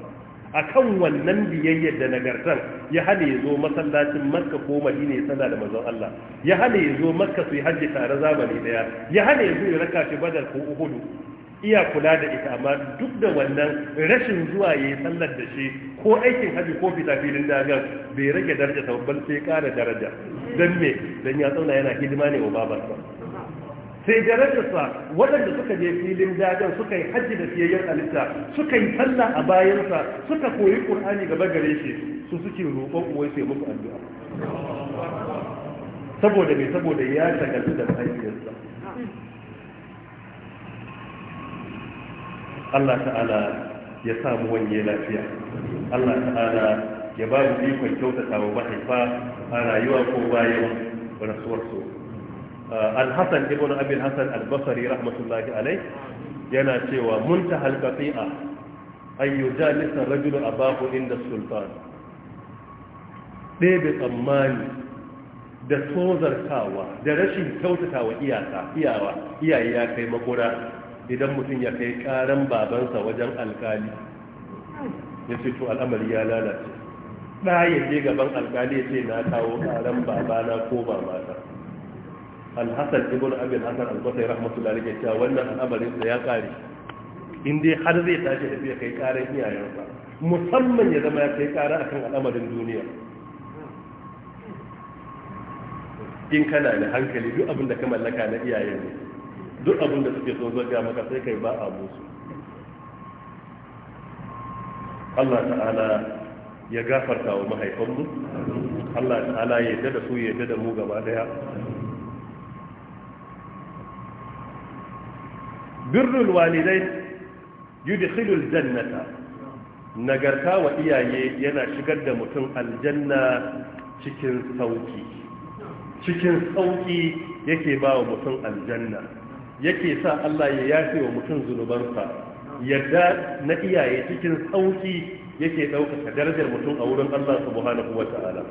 akan wannan biyayyar da nagartan ya hane ya zo masallacin makka ko madina ya sana da manzon Allah ya hane ya zo makka su yi hajji tare zamani daya ya hana ya zo ya raka shi badar ko uhudu iya kula da ita amma duk da wannan rashin zuwa ya yi sallar da shi ko aikin hajji ko fita filin dagar bai rage daraja sababbin sai ya kara daraja don me don ya tsauna yana hidima ne wa babarsa sai sa, waɗanda suka je filin dadan suka yi hajji da siyayyar alitta suka yi sallah a bayansa suka koyi ƙur'ani gaba gare shi su suke roƙon uwai sai muku addu'a saboda mai saboda ya shagaltu da mahaifiyarsa Allah ta'ala ya samu wanye lafiya Allah ta'ala ya ba mu ikon kyautata wa mahaifa a rayuwa ko bayan rasuwarsu alhassan hasan ibn abi al-hasan rahmatullahi alayh yana cewa a qati'a an yujalisa rajulu abahu inda sultan ɗebe tsammani da tozartawa da rashin kyautatawa iyaka iyawa iyaye ya kai makura idan mutum ya kai karan babansa wajen alkali ya ce to al'amari ya lalace ɗaya je gaban alkali ya ce na kawo karan babana ko babata alhassan ibn abin hassan albasai rahmatullahi rike cewa wannan al'amarin da ya kare in har zai tashi da ya kai karar iyayensa musamman ya zama ya kai kara akan al'amarin duniya in kana da hankali duk abin da ka mallaka na iyaye ne duk abin da suke so zaga maka sai kai ba a musu Allah ta'ala ya gafarta wa mahaifanmu Allah ta'ala ya yarda da su ya yarda da mu gaba daya Birnin walidai yudkhilul jannata nagarta wa iyaye yana shigar da mutum aljanna cikin sauki cikin sauki yake ba wa mutum aljanna yake sa Allah ya yafe wa mutum zunubansa yadda na iyaye cikin sauki yake ɗaukaka darajar mutum a wurin Allah subhanahu wa ta'ala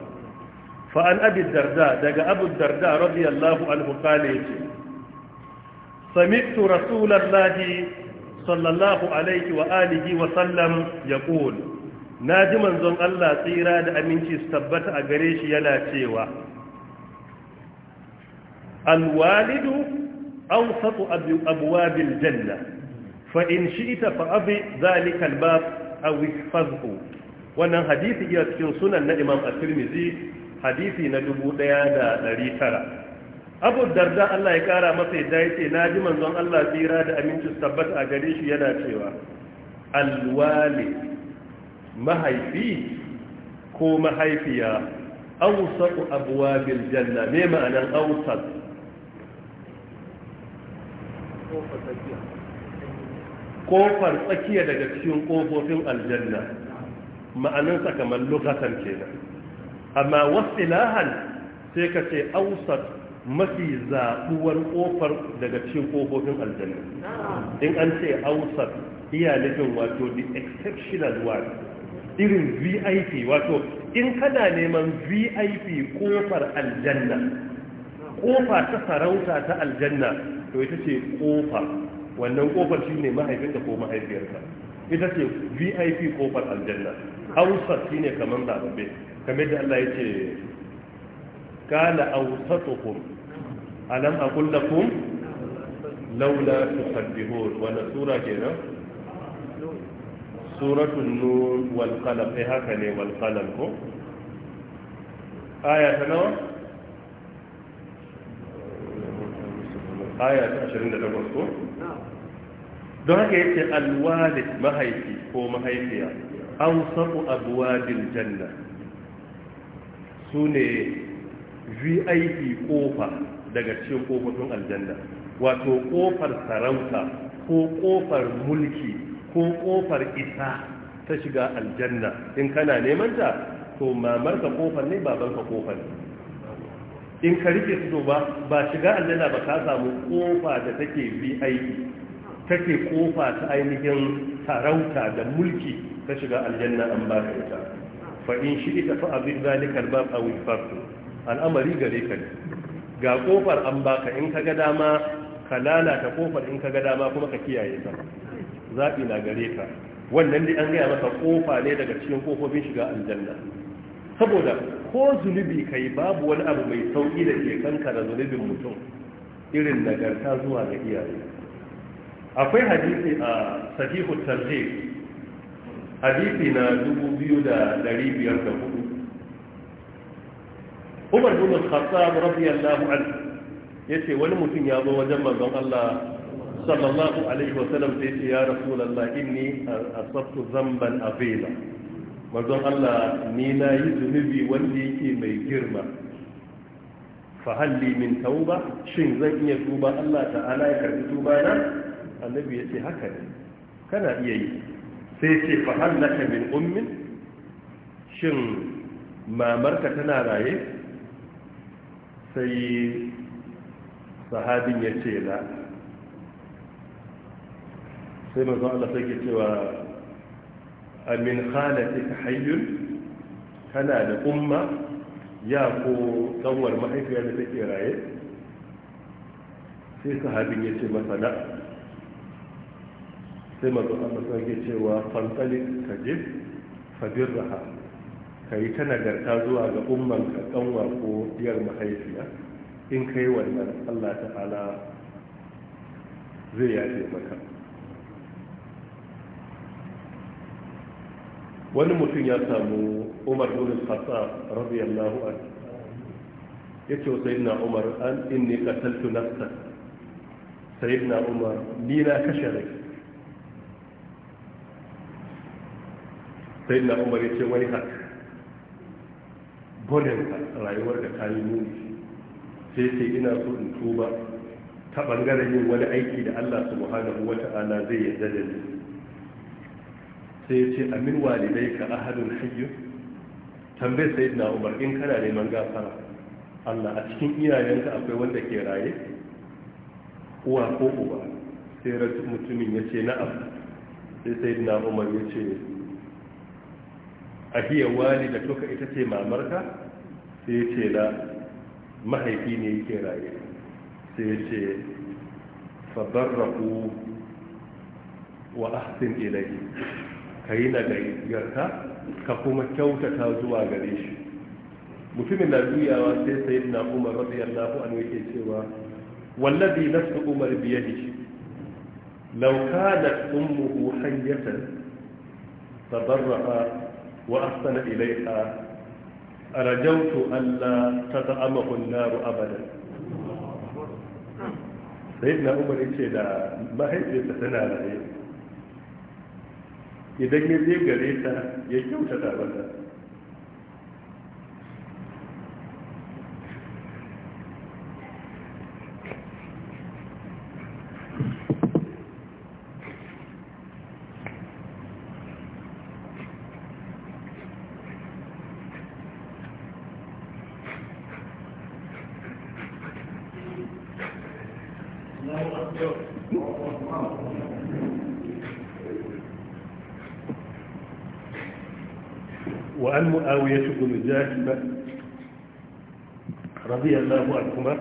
fa an abi darda daga abu darda radiyallahu anhu kale yace سمعت رسول الله صلى الله عليه وآله وسلم يقول ناجم زن الله تيرا دا أمينشي استبت أغريش يلا تيوا الوالد أوسط أبواب الجنة فإن شئت فأبي ذلك الباب أو احفظه wannan hadisi iya cikin sunan na imam at-tirmidhi hadisi na 1909 abu darda Allah ya kara masa yadda ya na ji manzon Allah tsira da aminci tabbata a gare shi yana cewa alwali mahaifi ko mahaifiya awsaqu abwabil janna me ma'anan awsaq kofar tsakiya daga cikin kofofin aljanna ma'anan kamar lugatan kenan amma wasilahan sai ka ce mafi zaɓuwar ƙofar daga cikin ƙofofin aljanna in an ce ausar iya nufin wato the exceptional one irin vip wato in kana neman vip ƙofar aljanna ƙofa ta sarauta ta aljanna to ita ce ƙofa wannan ƙofar shi ne mahaifinka ko mahaifiyarka ita ce vip ƙofar aljanna ausar shi ne kamar zaɓaɓɓe kamar da allah ya ce kana awsatukum alam aqul lakum laula tusabbihun wala sura kenan suratul nur wal qalam eh haka ne wal qalam ko aya ta nawa aya ta 28 ko don haka yace alwalid mahaifi ko mahaifiya awsatu abwabil janna sune vip kofa daga cikin kofofin aljanna wato kofar sarauta ko kofar mulki ko kofar isa ta shiga aljanna in kana neman ta to mamar ka kofar ne baban ka kofar in ka rike su ba ba shiga aljanna ba ka samu kofa da take vip take kofa ta ainihin sarauta da mulki ta shiga aljanna an ba ka ita fa in shi ita fa abin zalikar bab awil al'amari gare ka ne ga kofar an baka in ka gada dama ka lalata kofar in ka gada dama kuma ka kiyaye ta zaɓi na gare ka wannan da an gaya masa kofa ne daga cikin kofofin shiga aljanna saboda ko zunubi ka yi, babu wani abu mai sauƙi da ke da zunubin mutum irin nagarta zuwa ga iyaye akwai hadisi a sahihu tarjih hadisi na dubu biyu da da biyar hudu. Umar bin Khattab radiyallahu anhu yace wani mutum ya zo wajen manzon Allah sallallahu alaihi wa sallam sai ya rasulullah inni asabtu zamban azima manzon Allah ni na yi zunubi wanda yake mai girma fa halli min tauba shin zan iya tuba Allah ta'ala ya karbi tuba na annabi yace haka ne kana iya yi sai ce fa hallaka min ummin shin mamarka tana raye sai sahabin ya ce la sai mazan Allah sai ke cewa amin halatika hayyun kana da umma ya ko kanwar mahaifiyar da take raye sai sahabin ya ce masana, sai sai mazan Allah sai ke cewa fantalik ka je haka ka yi ta nagarta zuwa ga umman ka kanwa ko diyar mahaifiya in ka yi wannan allah ta hala zai yafe maka wani mutum ya samu umar bin khattab radiyallahu anhu yace wa na umar an in inni qataltu nafsan sayyidina umar ni na kashe rai na umar ya ce wai haka gwaninka rayuwar da ta yi nuni sai ce ina so in tuba ta bangaren yin wani aiki da Allah subhanahu wa ta'ala zai yarda da ni sai ce amin walidai ka ahadun hayyu tambayar sai na umar in kana neman gafara Allah a cikin iyayenka akwai wanda ke raye uwa ko uba sai rasu mutumin ya ce na'am sai sai na umar ya ce a hiya toka ita ce mamarka sai ya ce na mahaifi ne yake raye sai ya ce rahu wa ahsin ilai ka yi na gaggarta ka kuma kyautata zuwa gare shi mutumin na juyawa sai sayi na umar radiyallahu an yake cewa na su umar biyadihi lauka da ummuhu hayyatan tabarraha wa ilai a. rajautu Allah ta ta'amahu naru abadan sai na umar ce da mahaifiyarsa tana raye idan ya je gare ta ya kyauta ta جاهبة رضي الله عنهما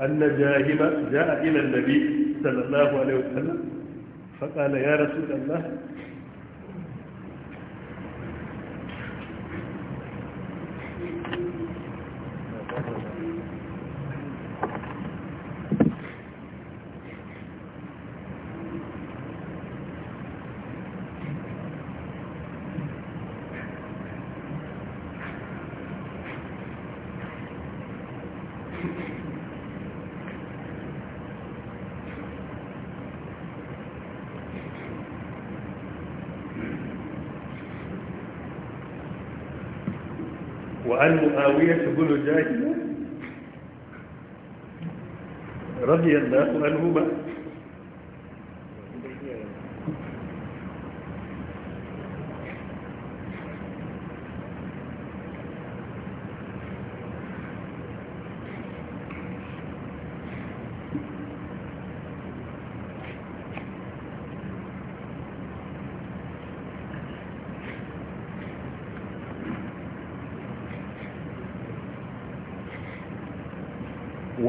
أن جاهبة جاء إلى النبي صلى الله عليه وسلم فقال يا رسول الله يقول جاهلا رضي الله عنهما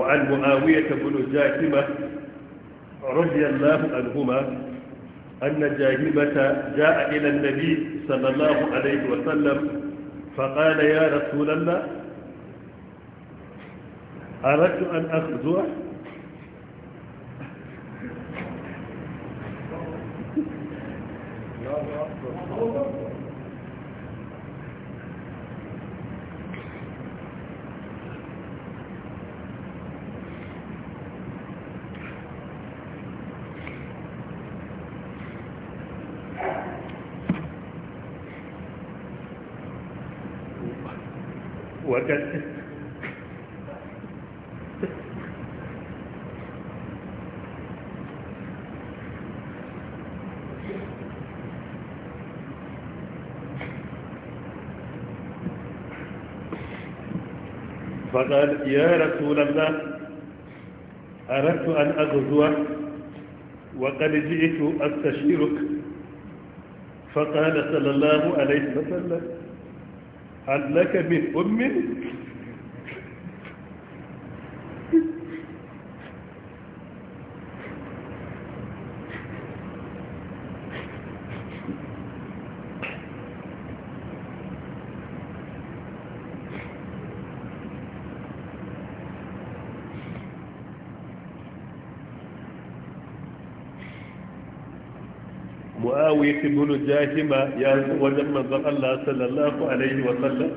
عن معاوية بن جاهمة رضي الله عنهما أن جاهمة جاء إلى النبي صلى الله عليه وسلم فقال يا رسول الله أردت أن أخذوه فقال يا رسول الله أردت أن أغزو وقد جئت أستشيرك فقال صلى الله عليه وسلم هل لك من أم muawiya ibn jahima ya zo wajen manzon Allah sallallahu alaihi wa sallam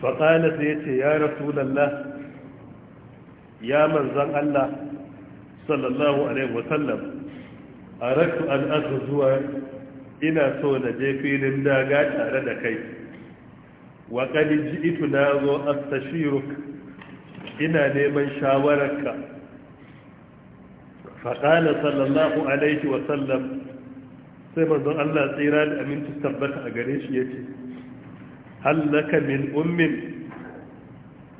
fa qala sai yace ya rasulullah ya manzon Allah sallallahu alaihi wa sallam araktu an azzuwa ina so na je filin daga tare da kai wa qad ji'tu na zo astashiruk ina neman shawararka faƙala sallallahu alaihi wa sallam sai manzon Allah tsira da aminci tabbata a gare shi yace hallaka min ummin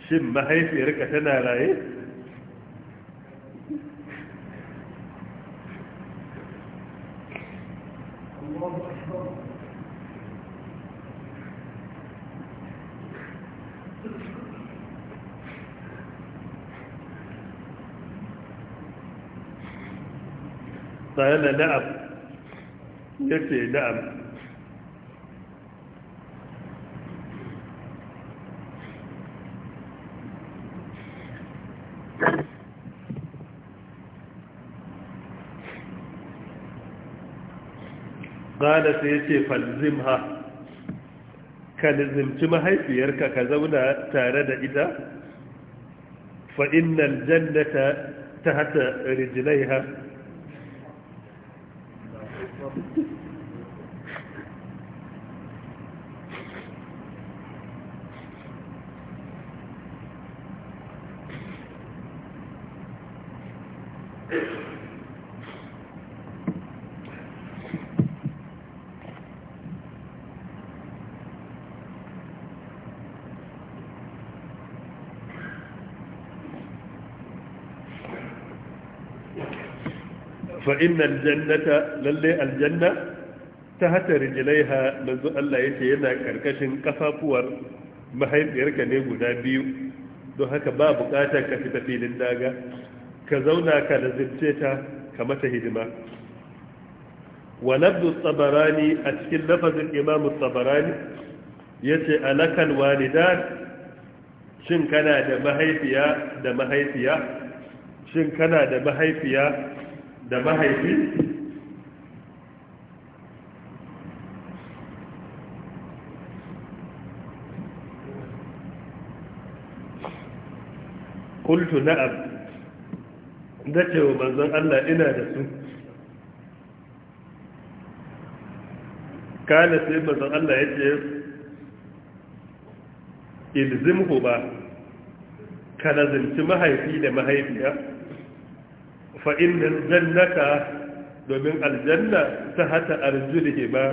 shin mahaifiyarka tana raye kala na'am ya ce na'am kala sai ya ce ha. ka nizimci mahaifiyarka ka zauna tare da ita fa'inan jannata ta hata rijilaiha فإن الجنة للي الجنة تحت رجليها منذ الله yana ƙarƙashin ƙafafuwar mahaifiyarka ne guda biyu don haka ba buƙatar ka fita filin daga ka zauna ka lazimce ta ka mata hidima wa nabdu tsabarani a cikin lafazin imamu tsabarani ya ce alakan walidar shin kana da mahaifiya da mahaifiya shin kana da mahaifiya da mahaifi قلت نعم na cewa manzon Allah ina da su kana sai banzan Allah ya ce ilzimhu ba ka lazimci mahaifi da mahaifiya fa inna jannaka domin aljanna ta hata arjulihi ba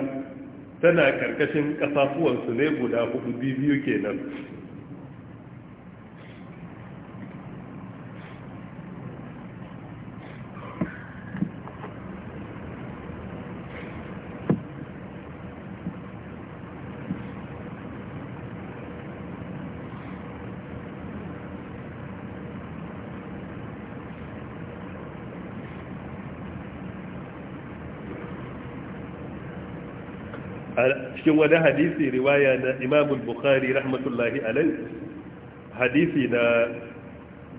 tana karkashin kasafuwansu ne guda hudu biyu kenan cikin wani hadisi riwaya na imam bukhari rahmatullahi alai hadisi na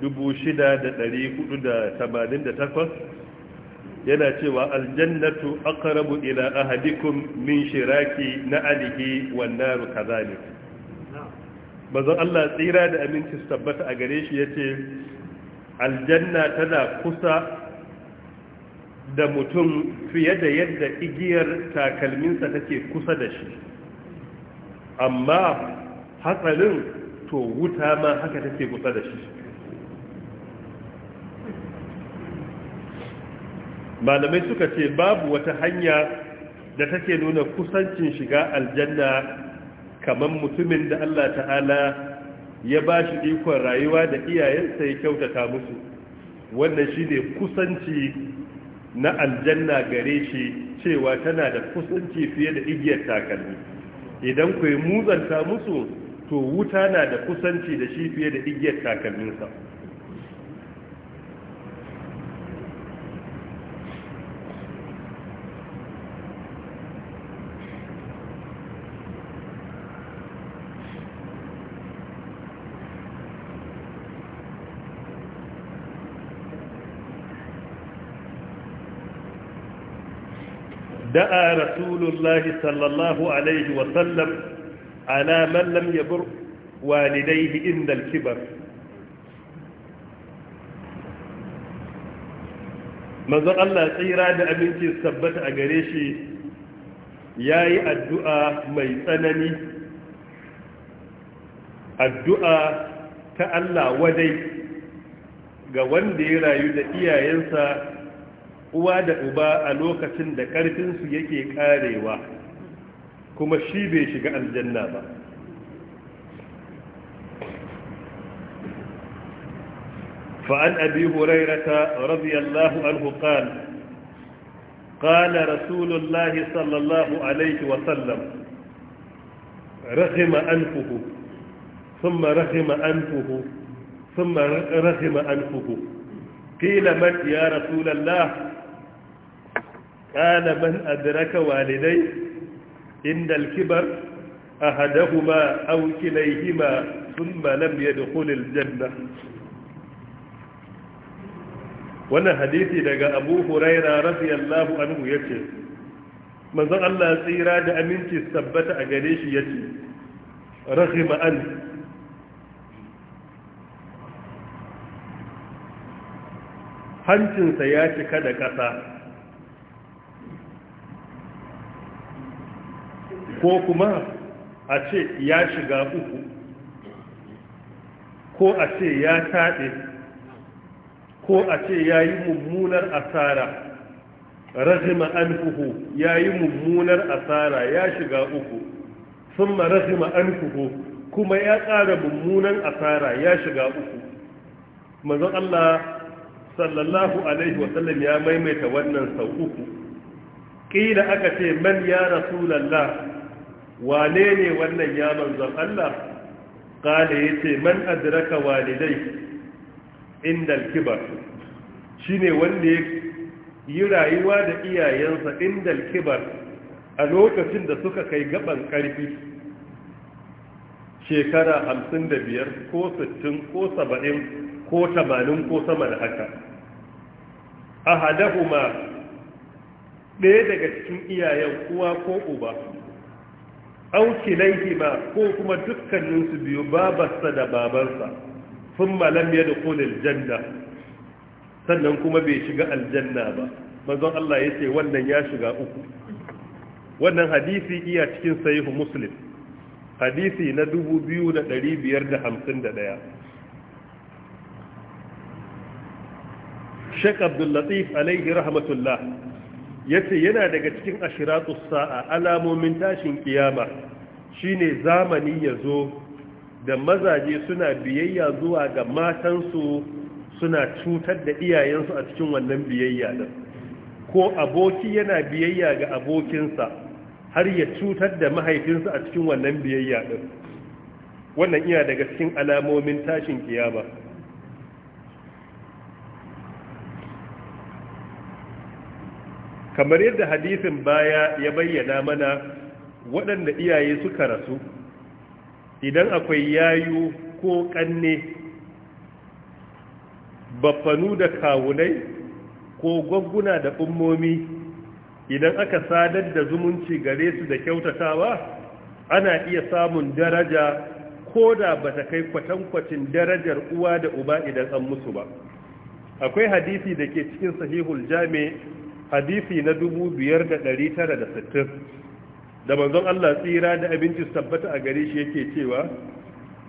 6488 yana cewa aljannatu aqrabu ila ahadikum min shiraki na alihi wan nar kadhalik bazan Allah tsira da aminci tabbata a gare shi yace aljanna tana kusa da mutum fiye da yadda igiyar takalminsa take kusa da shi amma hatsarin to wuta ma haka take kusa da shi malamai suka ce babu wata hanya da take nuna kusancin shiga aljanna kamar mutumin da Allah ta'ala ya ba shi ikon rayuwa da iyayensa ya kyautata musu wannan shi ne kusanci na aljanna gare shi cewa tana da kusanci fiye da igiyar takalmi idan ku muzanta musu to wuta na da kusanci da shi fiye da igiyar takalminsa da'a rasulullahi sallallahu alaihi wasallam ala man lam yabur walidaihi inda kibar manzon Allah tsira da aminci tabbata a gare shi ya yi addu'a mai tsanani addu'a ta Allah wadai ga wanda ya rayu da iyayensa uwa da uba a lokacin da ƙarfinsu yake ƙarewa kuma shi bai shiga aljanna ba fa’an abi hurairata radiyallahu alhukal ƙana rasulullahi sallallahu alaihi wasallam rahima an fuhu ثم رحم أنفه ثم رحم أنفه قيل من يا رسول الله qala man adraka walidai inda al-kibar ahadahuma aw kilayhima thumma lam yadkhul al-janna wannan hadisi daga Abu Hurairah radiyallahu anhu ce, manzon Allah tsira da aminci tabbata a gare shi yace rahima an hancinsa ya cika da ƙasa ko kuma a ce ya shiga uku ko a ce ya taɗe ko a ce ya yi mummunar asara rahima anfuhu ya yi mummunar asara ya shiga uku sun ma rahima anfuhu kuma ya ƙara mummunan asara ya shiga uku manzon Allah sallallahu alaihi wasallam ya maimaita wannan sau uku ƙila aka ce man ya rasulallah wane ne wannan ya manzon Allah ya yace man adraka walidai inda kibar shine wanda ya yi rayuwa da iyayensa inda kibar a lokacin da suka kai gaban ƙarfi shekara 55 da biyar ko 60 ko 70 ko 80 ko sama da haka a ma. ɗaya daga cikin iyayen kuwa ko uba auki ba ko kuma dukkaninsu biyu babarsa da babansa sun malam ya da kolin janda sannan kuma bai shiga aljanna ba mazan Allah ya ce wannan ya shiga uku wannan hadisi iya cikin sahihu muslim hadisi na 2551 Sheik Abdul Latif alaihi rahmatullah Ya ce yana daga cikin ashiratus sa'a alamomin tashin kiyama shine zamani ya zo da mazaje suna biyayya zuwa ga matansu suna cutar da iyayensu a cikin wannan biyayya din ko aboki yana biyayya ga abokinsa har ya cutar da mahaifinsa a cikin wannan biyayya din wannan iya daga cikin alamomin tashin kiyama kamar yadda hadisin baya ya bayyana mana waɗanda iyaye suka rasu idan akwai yayu ko ƙanne baffanu da kawunai ko gwagguna da ummomi idan aka sadar da zumunci gare su da kyautatawa ana iya samun daraja ko da ba ta kai kwatankwacin darajar uwa da uba idan an musu ba akwai hadisi da ke cikin sahihul jami hadisi na dubu biyar da ɗari tara da da sittin, manzon Allah tsira da abinci tabbata a gare shi yake cewa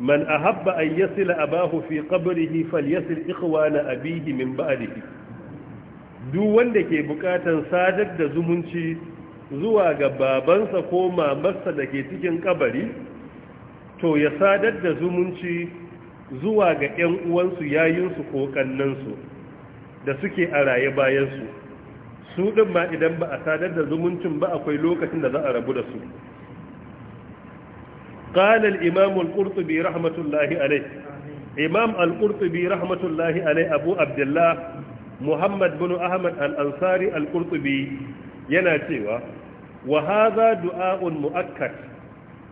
man ahabba an yasila abahu fi qabrihi falyasil ikhwana abihi min ba'dihi duk wanda ke bukatan sadar da zumunci zuwa ga babansa ko mamarsa da ke cikin kabari to ya sadar da zumunci zuwa ga 'yan uwansu yayinsu ko kannansu da suke a raye bayansu su ɗin ba idan ba a sadar da zumuncin ba akwai lokacin da za a rabu da su قال الإمام القرطبي رحمة الله عليه إمام القرطبي رحمة الله عليه أبو عبد الله محمد بن أحمد الأنصاري القرطبي يناتيوا وهذا دعاء مؤكد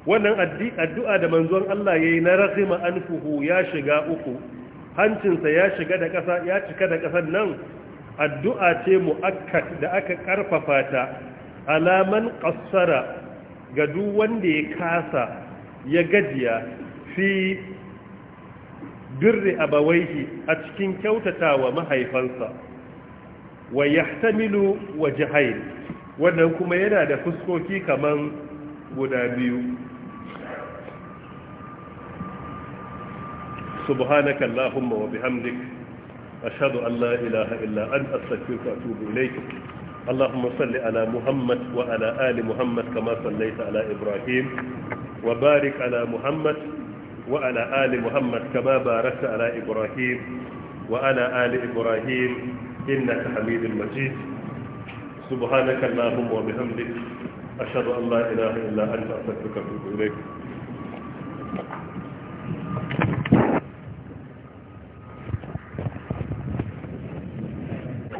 wannan addu'a da manzon Allah ya yi na rahima anfuhu ya shiga uku hancinsa ya shiga da ƙasa ya cika da ƙasar nan addu'a ce mu'akkad da aka karfafa ta alaman qassara ga duk wanda ya kasa ya gajiya fi birri abawaihi a cikin kyautatawa mahaifansa wa yahtamilu wajhayn wannan kuma yana da fuskoki kaman guda biyu subhanakallahumma wa bihamdika أشهد أن لا إله إلا أنت أستغفرك وأتوب إليك اللهم صل على محمد وعلى آل محمد كما صليت على إبراهيم وبارك على محمد وعلى آل محمد كما باركت على إبراهيم وعلى آل إبراهيم إنك حميد مجيد سبحانك اللهم وبحمدك أشهد أن لا إله إلا أنت أستغفرك وأتوب إليك